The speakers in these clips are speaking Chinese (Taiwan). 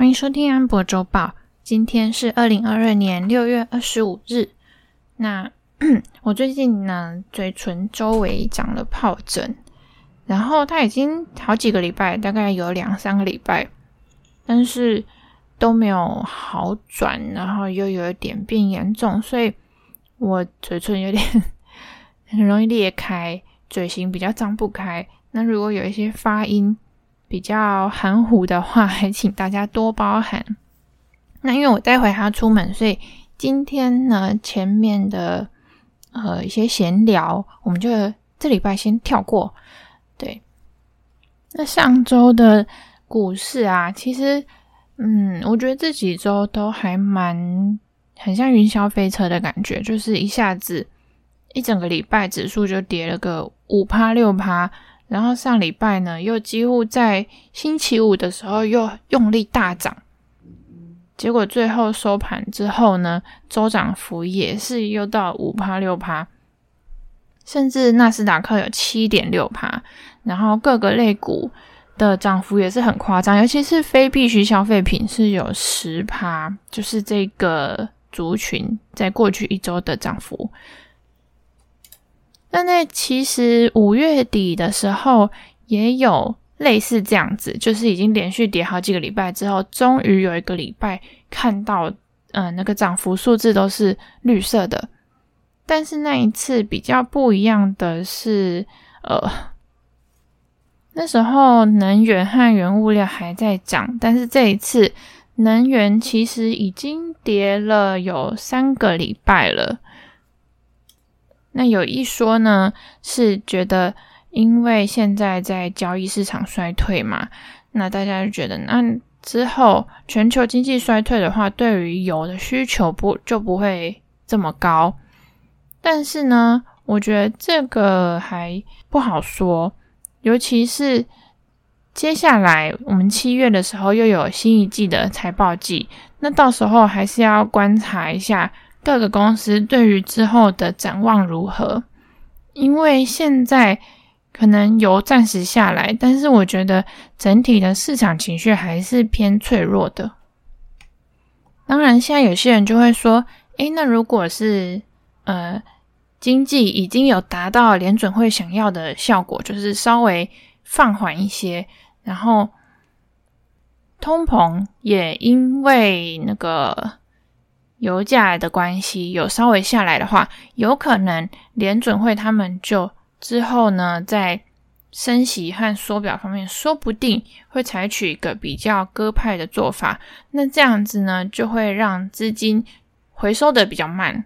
歡迎收聽安柏週報。今天是二零二二年六月二十五日。那我最近呢，嘴唇周圍長了皰疹，然後它已經好幾個禮拜，大概有兩三個禮拜，但是都沒有好轉，然後又有一點變嚴重，所以我嘴唇有點很容易裂開，嘴型比較張不開。那如果有一些發音，比較含糊的話，還請大家多包涵。那因為我待會還要出門，所以今天呢，前面的呃一些閒聊，我們就這禮拜先跳過。對，那上周的股市啊，其實嗯，我覺得這幾周都還蠻，很像雲霄飛車的感覺，就是一下子，一整個禮拜指數就跌了個五趴、六趴。6然後上禮拜呢，又幾乎在星期五的時候又用力大漲，結果最後收盤之後呢，周漲幅也是又到五趴、六趴，甚至納斯達克有七點六趴。然後各個類股的漲幅也是很誇張，尤其是非必需消費品是有十趴，就是這個族群在過去一周的漲幅。那那其實五月底的時候也有類似這樣子，就是已經連續跌好幾個禮拜之後，終於有一個禮拜看到，嗯、呃，那個漲幅數字都是綠色的。但是那一次比較不一樣的是，呃，那時候能源和原物料還在漲，但是這一次能源其實已經跌了有三個禮拜了。那有一說呢，是覺得因為現在在交易市場衰退嘛，那大家就覺得那之後全球經濟衰退的話，對於油的需求不就不會這麼高？但是呢，我覺得這個還不好說，尤其是接下來我們七月的時候又有新一季的財報季，那到時候還是要觀察一下。各個公司對於之後的展望如何？因為現在可能有暫時下來，但是我覺得整體的市場情緒還是偏脆弱的。當然，現在有些人就會說：“哎，那如果是呃經濟已經有達到聯準會想要的效果，就是稍微放緩一些，然後通膨也因為那個。”油價的關係有稍微下來的話，有可能聯準會他們就之後呢，在升息和縮表方面，說不定會採取一個比較鴿派的做法。那這樣子呢，就會讓資金回收的比較慢。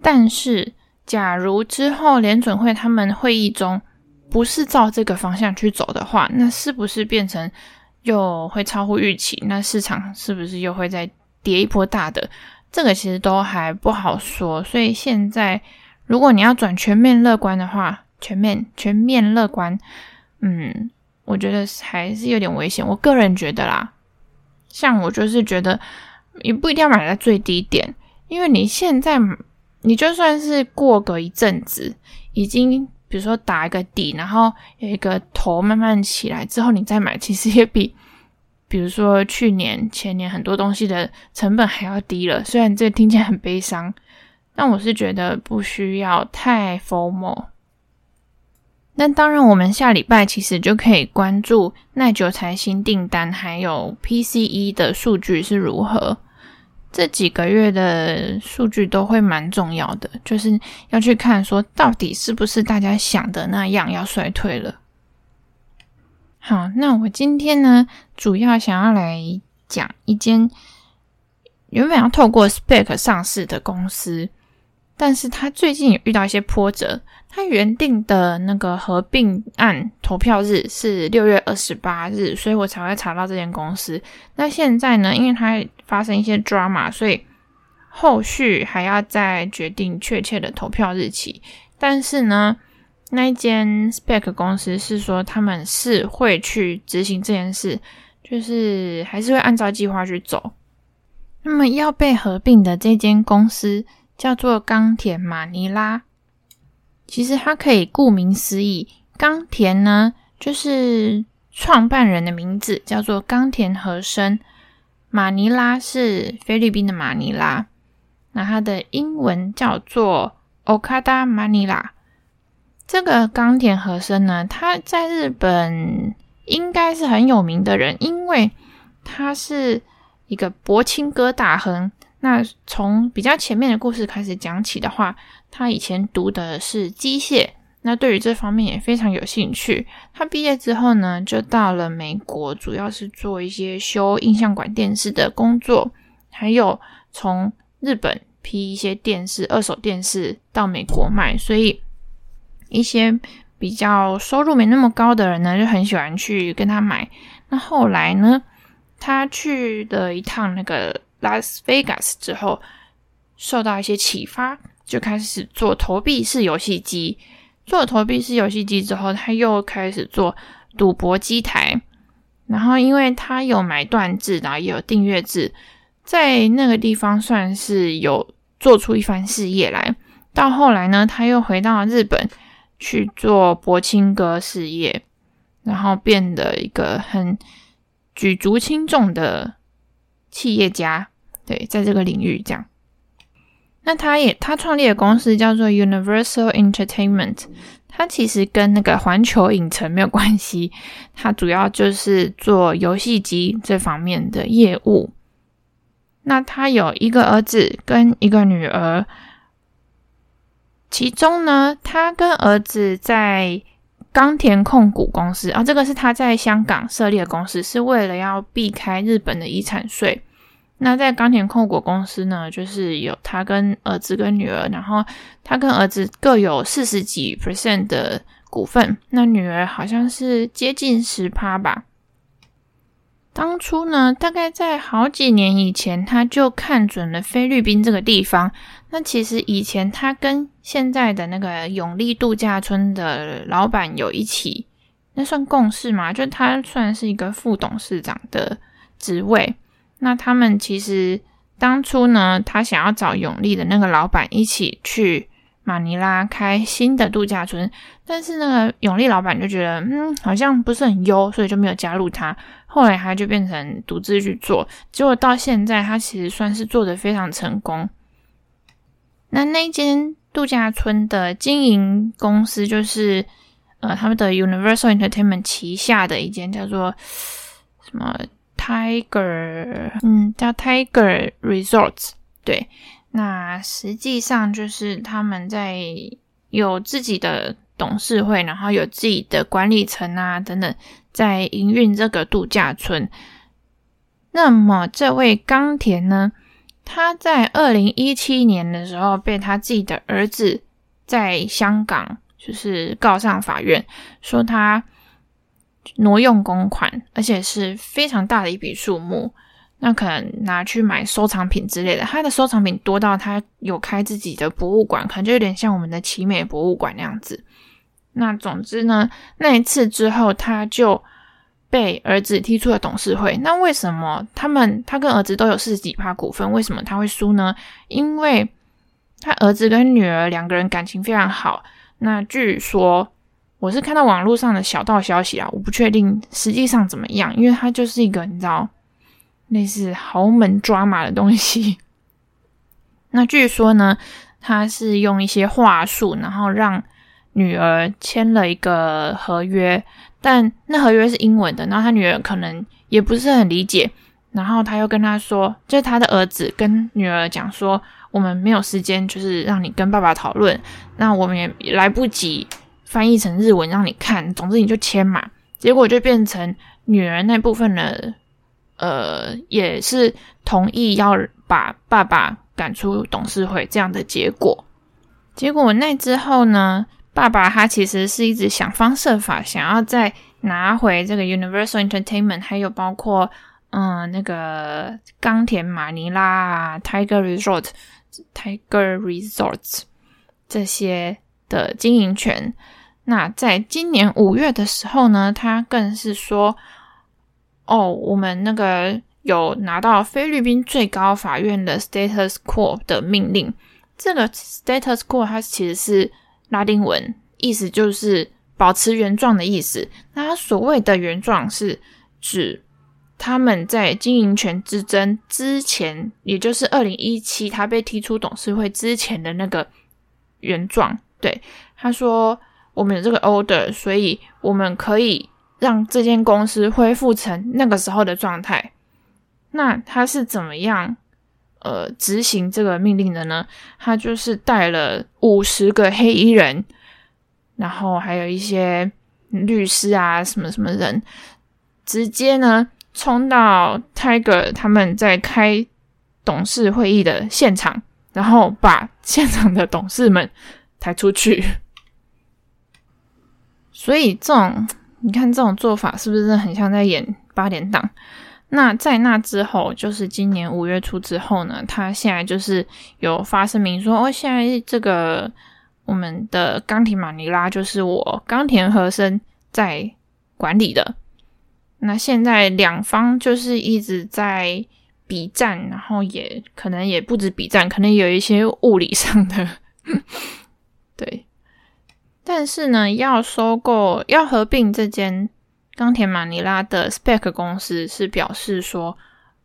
但是，假如之後聯準會他們會議中不是照這個方向去走的話，那是不是變成又會超乎預期？那市場是不是又會在？跌一波大的，這個其實都還不好說。所以現在，如果你要轉全面樂觀的話，全面全面樂觀，嗯，我覺得還是有點危險。我個人覺得啦，像我就是覺得，也不一定要買在最低點，因為你現在，你就算是過個一陣子，已經比如說打一個底，然後有一個頭慢慢起來之後，你再買，其實也比，比如說去年、前年很多東西的成本還要低了，雖然這個聽起來很悲傷，但我是覺得不需要太 FOMO。那當然，我們下禮拜其實就可以關注耐久財新訂單還有 PCE 的數據是如何。這幾個月的數據都會蠻重要的，就是要去看說到底是不是大家想的那樣要衰退了。好，那我今天呢，主要想要來講一間原本要透過 SPAC 上市的公司，但是他最近有遇到一些波折，他原定的那個合併案投票日是六月二十八日，所以我才會查到這間公司。那現在呢，因為它發生一些 drama，所以後續還要再決定確切的投票日期。但是呢。那一間 spec 公司是說他們是會去執行這件事，就是還是會按照計劃去走。那麼要被合併的這間公司叫做岡田馬尼拉，其實它可以顧名思義，岡田呢就是創辦人的名字叫做岡田和生。馬尼拉是菲律賓的馬尼拉，那它的英文叫做 Okada Manila。這個岡田和生呢，他在日本應該是很有名的人，因為他是一個柏青哥大亨。那從比較前面的故事開始講起的話，他以前讀的是機械，那對於這方面也非常有興趣。他畢業之後呢，就到了美國，主要是做一些修印象館電視的工作，還有從日本批一些電視、二手電視到美國賣，所以。一些比較收入沒那麼高的人呢，就很喜歡去跟他買。那後來呢，他去了一趟那個拉斯維加斯之後，受到一些啟發，就開始做投幣式遊戲機。做投幣式遊戲機之後，他又開始做賭博機台。然後，因為他有買斷制，然後也有訂閱制，在那個地方算是有做出一番事業來。到後來呢，他又回到日本。去做柏青哥事業，然後變得一個很舉足輕重的企業家，對，在這個領域這樣。那他也他創立的公司叫做 Universal Entertainment，它其實跟那個環球影城沒有關係，它主要就是做遊戲機這方面的業務。那他有一個兒子跟一個女兒。其中呢，他跟兒子在岡田控股公司啊、哦，這個是他在香港設立的公司，是為了要避開日本的遺產稅。那在岡田控股公司呢，就是有他跟兒子跟女兒，然後他跟兒子各有四十幾 percent 的股份，那女兒好像是接近十趴吧。當初呢，大概在好幾年以前，他就看準了菲律賓這個地方。那其實以前他跟現在的那個永利度假村的老闆有一起，那算共事嘛？就他算是一個副董事長的職位。那他們其實當初呢，他想要找永利的那個老闆一起去馬尼拉開新的度假村，但是那個永利老闆就覺得嗯，好像不是很優，所以就沒有加入他。後來他就變成獨自去做，結果到現在他其實算是做得非常成功。那那間度假村的經營公司就是，呃，他們的 Universal Entertainment 旗下的一間叫做什麼 Tiger，嗯，叫 Tiger Resorts。對，那實際上就是他們在有自己的董事會，然後有自己的管理層啊等等，在營運這個度假村。那麼這位岡田呢？他在二零一七年的時候，被他自己的兒子在香港就是告上法院，說他挪用公款，而且是非常大的一筆數目。那可能拿去買收藏品之類的，他的收藏品多到他有開自己的博物館，可能就有點像我們的奇美博物館那樣子。那總之呢，那一次之後，他就，被兒子踢出了董事會。那為什麼他們他跟兒子都有四十幾趴股份，為什麼他會輸呢？因為他兒子跟女兒兩個人感情非常好。那據說，我是看到網絡上的小道消息啊，我不確定實際上怎麼樣，因為他就是一個你知道類似豪門抓馬的東西。那據說呢，他是用一些話術，然後讓。女兒簽了一個合約，但那合約是英文的，然後他女兒可能也不是很理解，然後他又跟他說，就是他的兒子跟女兒講說，我們沒有時間，就是讓你跟爸爸討論，那我們也來不及翻譯成日文讓你看，總之你就簽嘛。結果就變成女兒那部分呢，呃，也是同意要把爸爸趕出董事會這樣的結果。結果那之後呢，爸爸他其實是一直想方設法想要再拿回這個 Universal Entertainment，還有包括嗯，那個岡田馬尼拉啊 Tiger Resort、Tiger Resort 這些的經營權。那在今年五月的時候呢，他更是說：“哦，我們那個有拿到菲律賓最高法院的 Status Quo 的命令。”這個 Status Quo 它其實是。拉丁文意思就是保持原狀的意思。那他所謂的原狀是指他們在經營權之爭之前，也就是二零一七他被踢出董事會之前的那個原狀。對，他說我們有這個 order，所以我們可以讓這間公司恢復成那個時候的狀態。那他是怎麼樣？呃，執行這個命令的呢，他就是帶了五十個黑衣人，然後還有一些律師啊，什麼什麼人，直接呢，衝到 Tiger 他們在開董事會議的現場，然後把現場的董事們抬出去。所以這種，你看這種做法是不是很像在演八點檔？那在那之後，就是今年五月初之後呢，他現在就是有發聲明說，哦，現在這個我們的岡田馬尼拉就是我岡田和生在管理的。那現在兩方就是一直在筆戰，然後也可能也不止筆戰，可能有一些物理上的。 對，但是呢，要收購要合併這間。岡田馬尼拉的 Spec 公司是表示說：“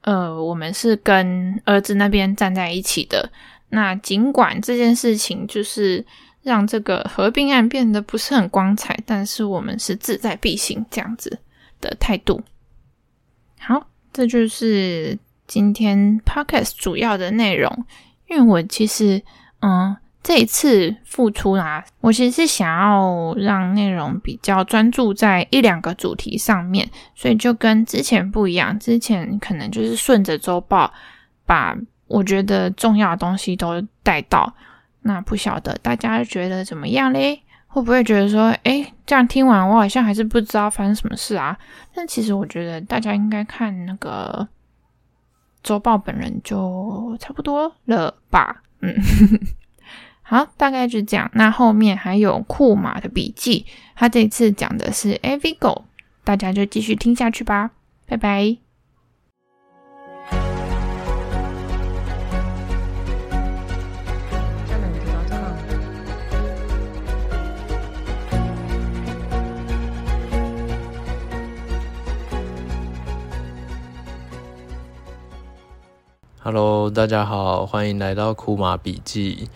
呃，我們是跟兒子那邊站在一起的。那儘管這件事情就是讓這個合併案變得不是很光彩，但是我們是志在必行這樣子的態度。好，這就是今天 Podcast 主要的內容。因為我其實，嗯。”這一次復出啦、啊，我其實是想要讓內容比較專注在一兩個主題上面，所以就跟之前不一樣。之前可能就是順着週報，把我覺得重要的東西都帶到。那不曉得大家覺得怎麼樣嘞？會不會覺得說，哎，這樣聽完我好像還是不知道發生什麼事啊？但其實我覺得大家應該看那個週報本人就差不多了吧，嗯。 好，大概就這樣。那後面還有 KUMA 的筆記，他這次講的是 AVGO，大家就繼續聽下去吧。拜拜。Hello，大家好，歡迎來到 KUMA 筆記。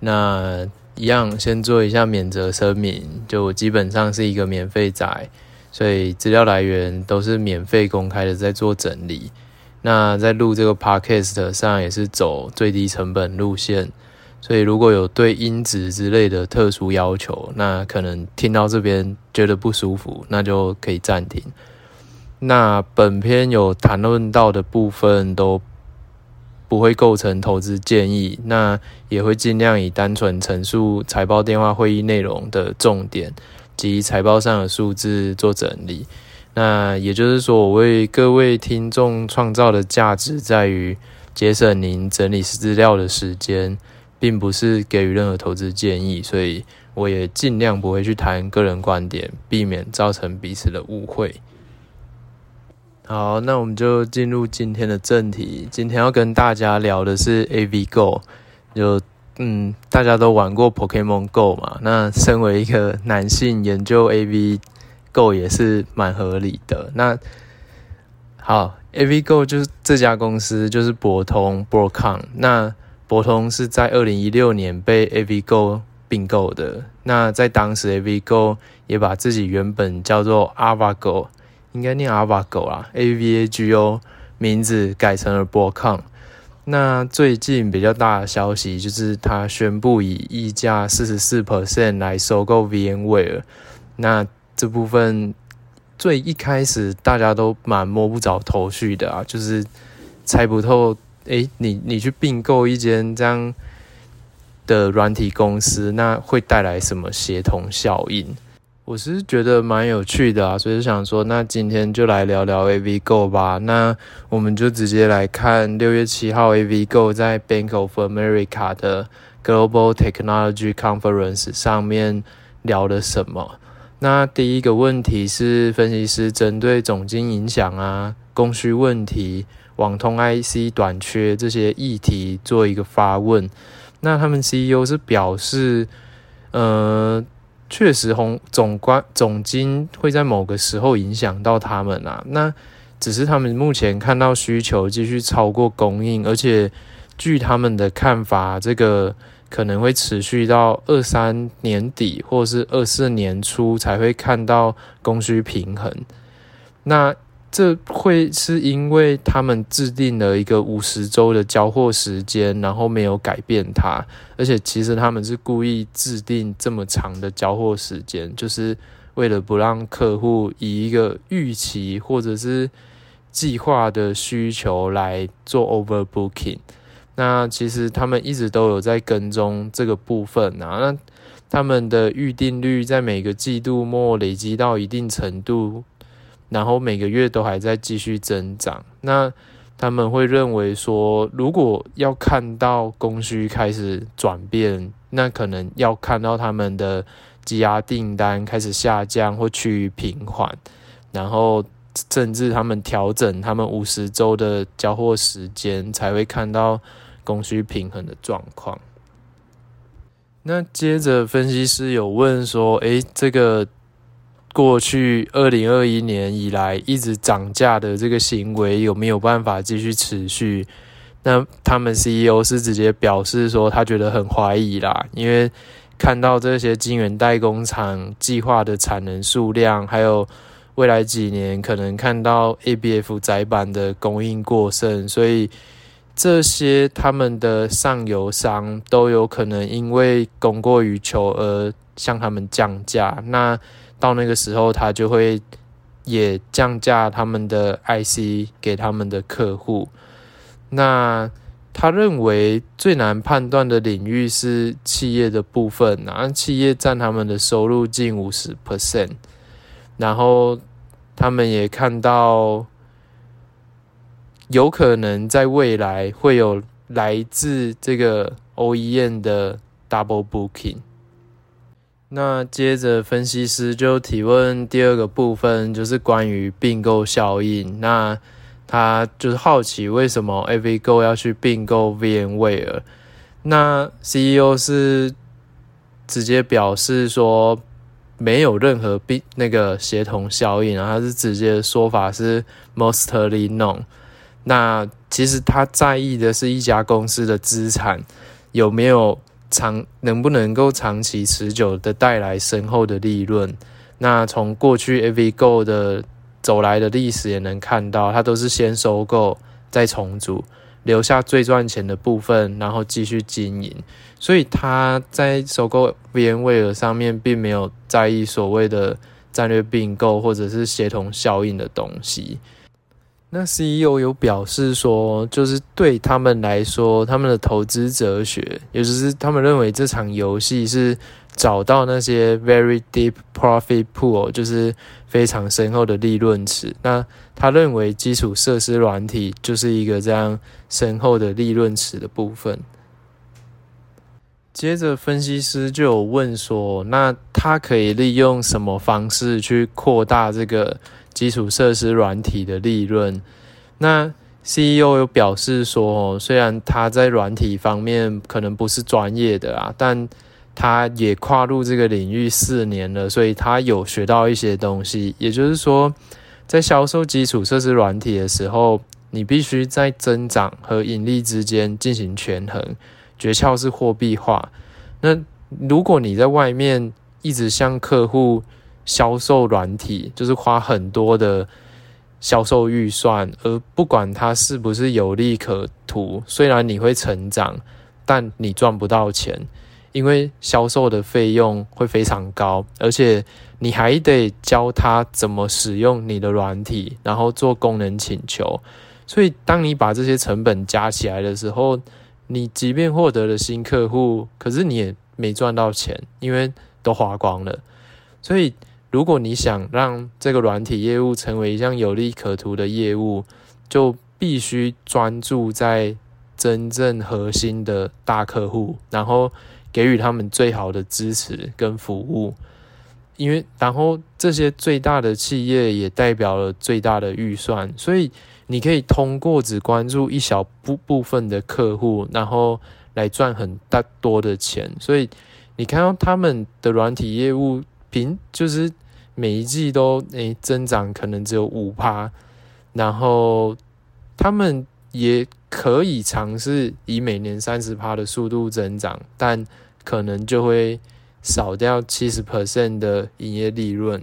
那一樣，先做一下免責聲明。就基本上是一個免費宅，所以資料來源都是免費公開的，在做整理。那在錄這個 podcast 上也是走最低成本路線，所以如果有對音質之類的特殊要求，那可能聽到這邊覺得不舒服，那就可以暫停。那本篇有談論到的部分都。不會構成投資建議，那也會盡量以單純陳述財報電話會議內容的重點及財報上的數字做整理。那也就是說，我為各位聽眾創造的價值在於節省您整理資料的時間，並不是給予任何投資建議，所以我也盡量不會去談個人觀點，避免造成彼此的誤會。好，那我們就進入今天的正題。今天要跟大家聊的是 AVGO，就嗯，大家都玩過 Pokémon Go 嘛？那身為一個男性研究 AVGO 也是蠻合理的。那好，AVGO 就是這家公司，就是博通 Broadcom。那博通是在二零一六年被 AVGO 併購的。那在當時，AVGO 也把自己原本叫做 Avago。應該念阿巴狗啦 Avago 啦，A V A G O，名字改成了 Broadcom。那最近比較大的消息就是，他宣布以溢價四十四 percent 來收購 VMware。那這部分最一開始大家都蠻摸不着頭緒的啊，就是猜不透。誒、欸、你你去併購一間這樣的軟體公司，那會帶來什麼協同效應？我是覺得蠻有趣的啊，所以就想說，那今天就來聊聊 AVGO 吧。那我們就直接來看六月七號 AVGO 在 Bank of America 的 Global Technology Conference 上面聊了什麼。那第一個問題是，分析師針對總經影響啊、供需問題、網通 IC 短缺這些議題做一個發問。那他們 CEO 是表示，呃。確實，宏觀總經會在某個時候影響到他們啊。那只是他們目前看到需求繼續超過供應，而且據他們的看法，這個可能會持續到二三年底或是二四年初才會看到供需平衡。那。這會是因為他們制定了一個五十周的交貨時間，然後沒有改變它，而且其實他們是故意制定這麼長的交貨時間，就是為了不讓客戶以一個預期或者是計劃的需求來做 overbooking。那其實他們一直都有在跟蹤這個部分啊，那他們的預訂率在每個季度末累積到一定程度。然後每個月都還在繼續增長，那他們會認為說，如果要看到供需開始轉變，那可能要看到他們的積壓訂單開始下降或趨於平緩，然後甚至他們調整他們五十周的交貨時間，才會看到供需平衡的狀況。那接着分析師有問說，誒，這個。過去二零二一年以來一直漲價的這個行為有沒有辦法繼續持續？那他們 CEO 是直接表示說他覺得很懷疑啦，因為看到這些晶圓代工廠計劃的產能數量，還有未來幾年可能看到 ABF 載板的供應過剩，所以這些他們的上游商都有可能因為供過於求而向他們降價。那。到那個時候，他就會也降價他們的 IC 給他們的客戶。那他認為最難判斷的領域是企業的部分，然後企業占他們的收入近五十 percent。然後他們也看到有可能在未來會有來自這個 OEM 的 double booking。那接着分析師就提問第二個部分，就是關於併購效應。那他就是好奇為什麼 AVGO 要去併購 VMware？那 CEO 是直接表示說沒有任何併那個協同效應啊，他是直接的說法是 mostly none 那其實他在意的是一家公司的資產有沒有？長能不能夠長期持久的帶來深厚的利潤？那從過去 AVGO 的走來的歷史也能看到，它都是先收購再重組，留下最賺錢的部分，然後繼續經營。所以它在收購 VMware 上面，並沒有在意所謂的戰略併購或者是協同效應的東西。那 CEO 有表示說，就是對他們來說，他們的投資哲學，也就是他們認為這場遊戲是找到那些 very deep profit pool，就是非常深厚的利潤池。那他認為基礎設施軟體就是一個這樣深厚的利潤池的部分。接着，分析師就有問說，那他可以利用什麼方式去擴大這個？基礎設施軟體的利潤，那 CEO 又表示說，雖然他在軟體方面可能不是專業的啊，但他也跨入這個領域四年了，所以他有學到一些東西。也就是說，在銷售基礎設施軟體的時候，你必須在增長和盈利之間進行權衡，訣竅是貨幣化。那如果你在外面一直向客戶，銷售軟體就是花很多的銷售預算，而不管它是不是有利可圖。雖然你會成長，但你賺不到錢，因為銷售的費用會非常高，而且你還得教他怎麼使用你的軟體，然後做功能請求。所以當你把這些成本加起來的時候，你即便獲得了新客戶，可是你也沒賺到錢，因為都花光了。所以。如果你想讓這個軟體業務成為一項有利可圖的業務，就必須專注在真正核心的大客戶，然後給予他們最好的支持跟服務。因為，然後這些最大的企業也代表了最大的預算，所以你可以通過只關注一小部部分的客戶，然後來賺很大多的錢。所以，你看到他們的軟體業務。平就是每一季都誒增長可能只有五趴，然後他們也可以嘗試以每年三十趴的速度增長，但可能就會少掉七十 percent 的營業利潤。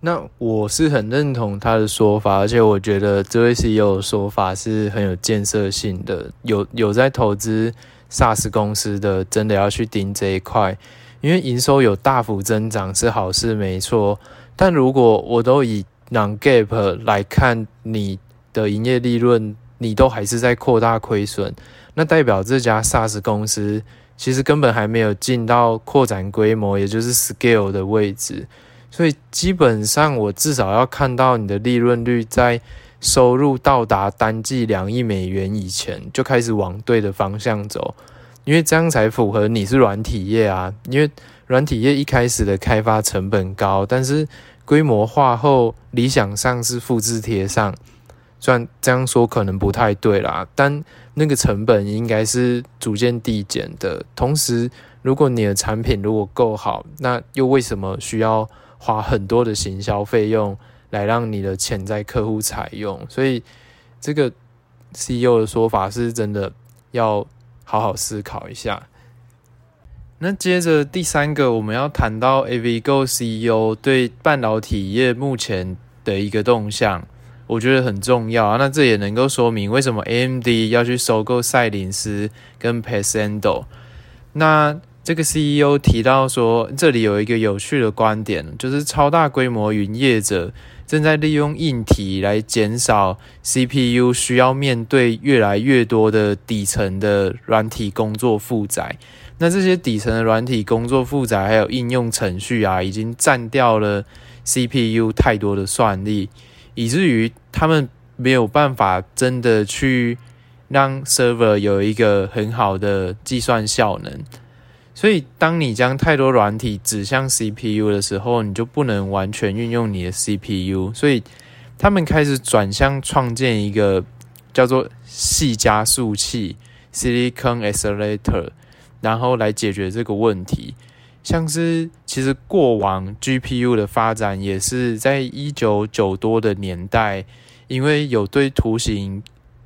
那我是很認同他的說法，而且我覺得這位 CEO 的說法是很有建設性的。有有在投資 SaaS 公司的，真的要去盯這一塊。因為營收有大幅增長是好事，沒錯。但如果我都以 non-GAAP 來看你的營業利潤，你都還是在擴大虧損，那代表這家 SaaS 公司其實根本還沒有進到擴展規模，也就是 scale 的位置。所以基本上，我至少要看到你的利潤率在收入到達單季兩億美元以前，就開始往對的方向走。因為這樣才符合你是軟體業啊，因為軟體業一開始的開發成本高，但是規模化後理想上是複制貼上，雖然這樣說可能不太對啦，但那個成本應該是逐漸遞減的。同時，如果你的產品如果夠好，那又為什麼需要花很多的行銷費用來讓你的潛在客戶採用？所以，這個 CEO 的說法是真的要。好好思考一下。那接着第三個，我們要談到 AVGO CEO 對半導體業目前的一個動向，我覺得很重要啊。那這也能夠說明為什麼 AMD 要去收購賽靈思跟 Pensando。那這個 CEO 提到說，這裡有一個有趣的觀點，就是超大規模雲業者。正在利用硬體來減少 CPU 需要面對越來越多的底層的軟體工作負載。那這些底層的軟體工作負載還有應用程序啊，已經占掉了 CPU 太多的算力，以至於他們沒有辦法真的去讓 Server 有一個很好的計算效能。所以，當你將太多軟體指向 CPU 的時候，你就不能完全運用你的 CPU。所以，他們開始轉向創建一個叫做“矽加速器 ”（Silicon Accelerator），然後來解決這個問題。像是其實過往 GPU 的發展也是在一九九多的年代，因為有對圖形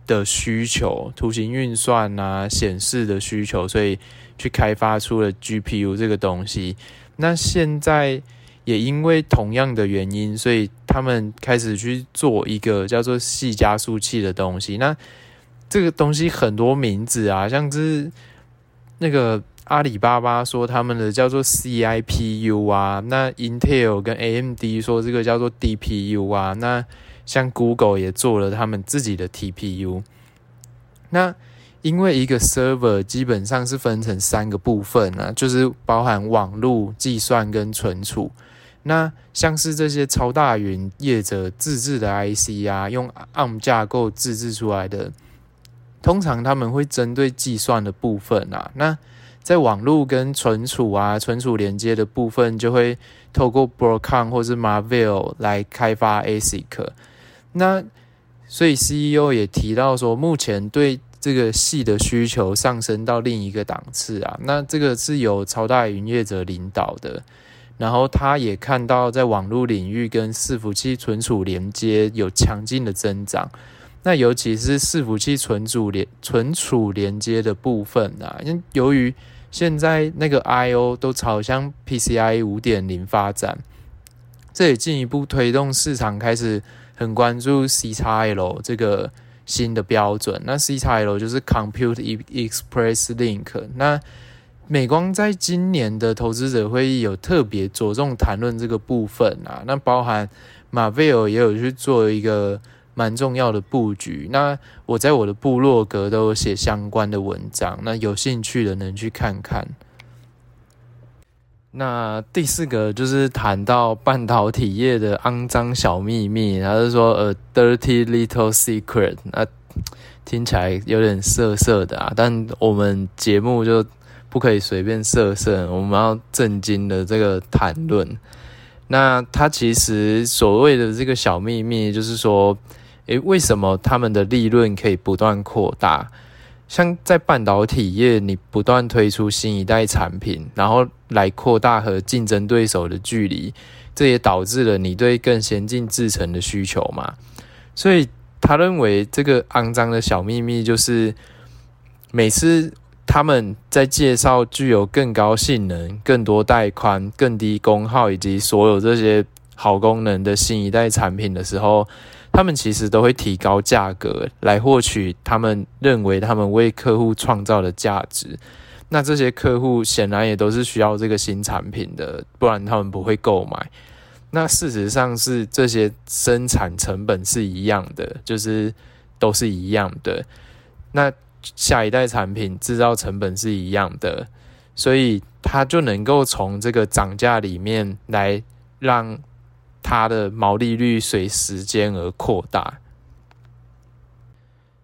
的需求、圖形運算啊、顯示的需求，所以。去開發出了 GPU 這個東西，那現在也因為同樣的原因，所以他們開始去做一個叫做矽加速器的東西。那這個東西很多名字啊，像是那個阿里巴巴說他們的叫做 CIPU 啊，那 Intel 跟 AMD 說這個叫做 DPU 啊，那像 Google 也做了他們自己的 TPU，那。因為一個 server 基本上是分成三個部分啊，就是包含網絡、計算跟存儲。那像是這些超大雲業者自製的 IC 啊，用 ARM 架構自製出來的，通常他們會針對計算的部分啊，那在網絡跟存儲啊、存儲連接的部分，就會透過 Broadcom 或是 Marvell 來開發 ASIC。那所以 CEO 也提到說，目前對這個矽的需求上升到另一個檔次啊，那這個是由超大雲業者領導的，然後他也看到在網絡領域跟伺服器存儲連接有強勁的增長，那尤其是伺服器存儲連存儲連接的部分啊，因由於現在那個 I/O 都朝向 PCI 五點零發展，這也進一步推動市場開始很關注 CXL 這個。新的標準，那 CXL 就是 Compute Express Link。那美光在今年的投資者會議有特別着重談論這個部分啊，那包含 Marvell 也有去做一個蠻重要的佈局。那我在我的部落格都有寫相關的文章，那有興趣的人去看看。那第四個就是談到半導體業的骯髒小秘密，他是說呃，dirty little secret，啊。那聽起來有點色色的啊，但我們節目就不可以隨便色色，我們要正經的這個談論。那他其實所謂的這個小秘密，就是說，誒，為什麼他們的利潤可以不斷擴大？像在半導體業，你不斷推出新一代產品，然後來擴大和競爭對手的距離，這也導致了你對更先進製程的需求嘛。所以他認為這個骯髒的小秘密就是，每次他們在介紹具有更高性能、更多帶寬、更低功耗，以及所有這些好功能的新一代產品的時候。他們其實都會提高價格來獲取他們認為他們為客戶創造的價值。那這些客戶顯然也都是需要這個新產品的，不然他們不會購買。那事實上是這些生產成本是一樣的，就是都是一樣的。那下一代產品制造成本是一樣的，所以他就能夠從這個漲價裡面來讓。它的毛利率隨時間而擴大。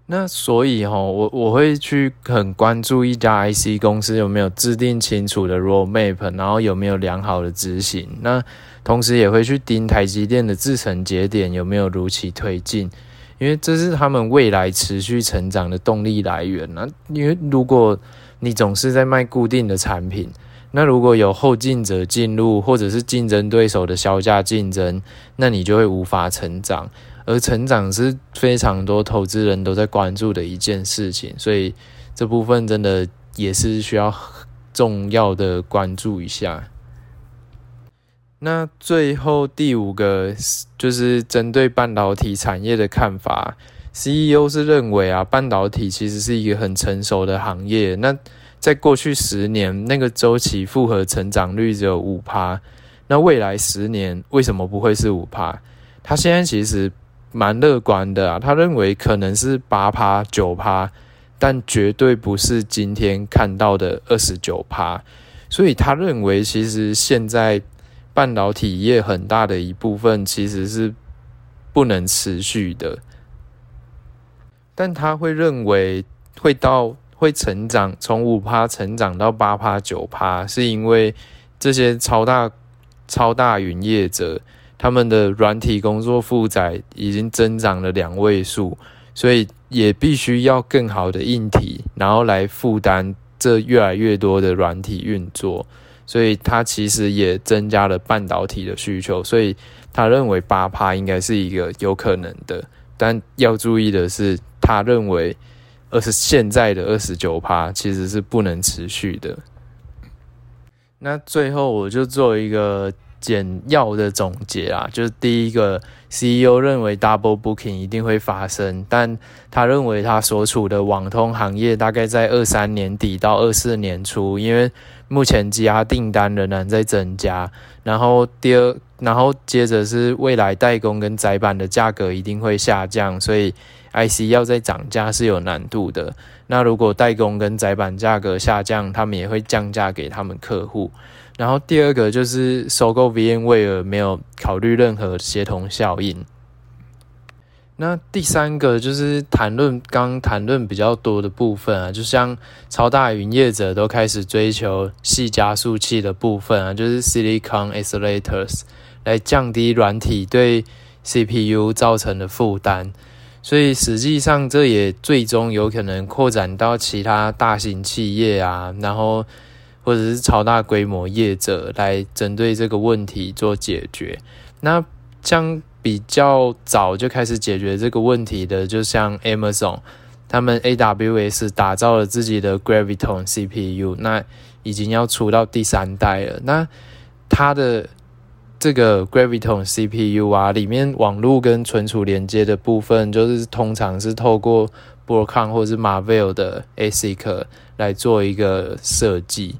那所以哈，我我會去很關注一家 IC 公司有沒有制定清楚的 roadmap，然後有沒有良好的執行。那同時也會去盯台積電的制程節點有沒有如期推進，因為這是他們未來持續成長的動力來源啊，那因為如果你總是在賣固定的產品。那如果有後進者進入，或者是競爭對手的削價競爭，那你就會無法成長，而成長是非常多投資人都在關注的一件事情，所以這部分真的也是需要重要的關注一下。那最後第五個就是針對半導體產業的看法，CEO 是認為啊，半導體其實是一個很成熟的行業，那。在過去十年，那個週期複合成長率只有五趴。那未來十年為什麼不會是五趴？他現在其實蠻樂觀的啊，他認為可能是八趴、九趴，但絕對不是今天看到的二十九趴。所以他認為其實現在半導體業很大的一部分其實是不能持續的。但他會認為會到。會成長從5，從五趴成長到八趴、九趴，是因為這些超大、超大雲業者，他們的軟體工作負載已經增長了兩位數，所以也必須要更好的硬體，然後來負擔這越來越多的軟體運作，所以他其實也增加了半導體的需求。所以他認為八趴應該是一個有可能的，但要注意的是，他認為。就是現在的二十九%，其實是不能持續的。那最後我就做一個簡要的總結啊，就是第一個，CEO 認為 double booking 一定會發生，但他認為他所處的網通行業大概在二三年底到二四年初，因為目前積壓訂單仍然在增加。然後第二，然後接着是未來代工跟載板的價格一定會下降，所以。I C 要再漲價是有難度的。那如果代工跟載板價格下降，他們也會降價給他們客戶。然後第二個就是收購 VMware 沒有考慮任何協同效應。那第三個就是談論剛談論比較多的部分啊，就像超大雲業者都開始追求細加速器的部分啊，就是 Silicon Accelerators 來降低軟體對 C P U 造成的負擔。所以實際上，這也最終有可能擴展到其他大型企業啊，然後或者是超大規模業者來針對這個問題做解決。那像比較早就開始解決這個問題的，就像 Amazon，他們 AWS 打造了自己的 Graviton CPU，那已經要出到第三代了。那它的。這個 Graviton CPU 啊，裡面網絡跟存儲連接的部分，就是通常是透過 Broadcom 或者是 Marvell 的 ASIC 來做一個設計。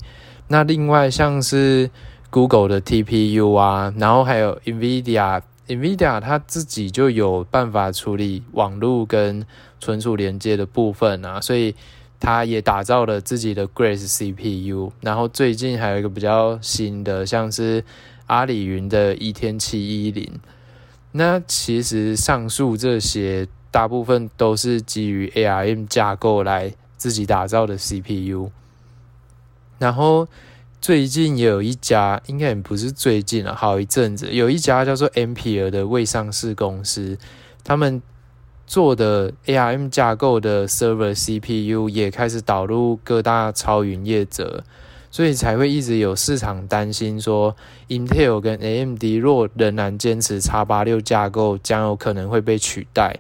那另外像是 Google 的 TPU 啊，然後還有 NVIDIA，NVIDIA NVIDIA 它自己就有辦法處理網絡跟存儲連接的部分啊，所以它也打造了自己的 Grace CPU。然後最近還有一個比較新的，像是。阿里雲的倚天七一零，那其實上述這些大部分都是基於 ARM 架構來自己打造的 CPU。然後最近也有一家，應該也不是最近了、啊，好一陣子，有一家叫做 Ampere 的未上市公司，他們做的 ARM 架構的 server CPU 也開始導入各大超雲業者。所以才會一直有市場擔心說，Intel 跟 AMD 若仍然堅持 X 八六架構，將有可能會被取代。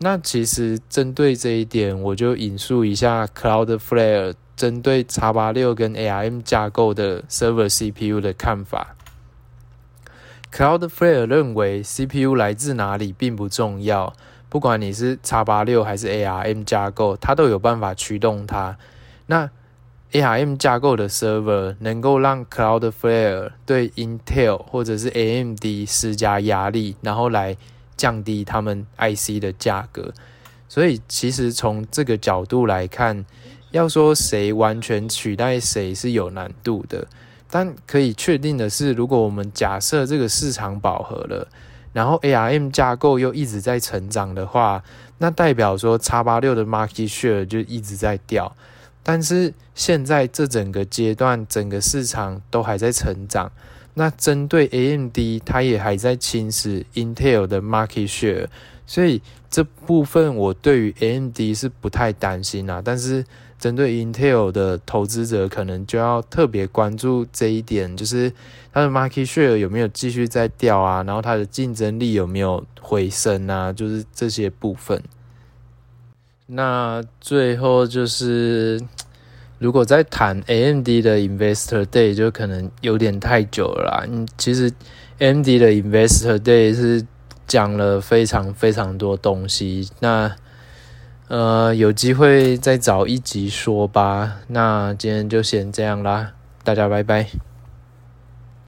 那其實針對這一點，我就引述一下 Cloudflare 針對 X 八六跟 ARM 架構的 Server CPU 的看法。Cloudflare 認為 CPU 來自哪裡並不重要，不管你是 X 八六還是 ARM 架構，它都有辦法驅動它。那 ARM 架構的 server 能夠讓 Cloudflare 對 Intel 或者是 AMD 施加壓力，然後來降低他們 IC 的價格。所以，其實從這個角度來看，要說誰完全取代誰是有難度的。但可以確定的是，如果我們假設這個市場飽和了，然後 ARM 架構又一直在成長的話，那代表說 X86 的 market share 就一直在掉。但是現在這整個階段，整個市場都還在成長，那針對 AMD，它也還在侵蝕 Intel 的 market share，所以這部分我對於 AMD 是不太擔心啦、啊，但是針對 Intel 的投資者，可能就要特別關注這一點，就是它的 market share 有沒有繼續在掉啊，然後它的競爭力有沒有回升啊，就是這些部分。那最後就是，如果再談 AMD 的 Investor Day，就可能有點太久了啦。嗯，其實 AMD 的 Investor Day 是講了非常非常多東西。那呃，有機會再找一集說吧。那今天就先這樣啦，大家拜拜。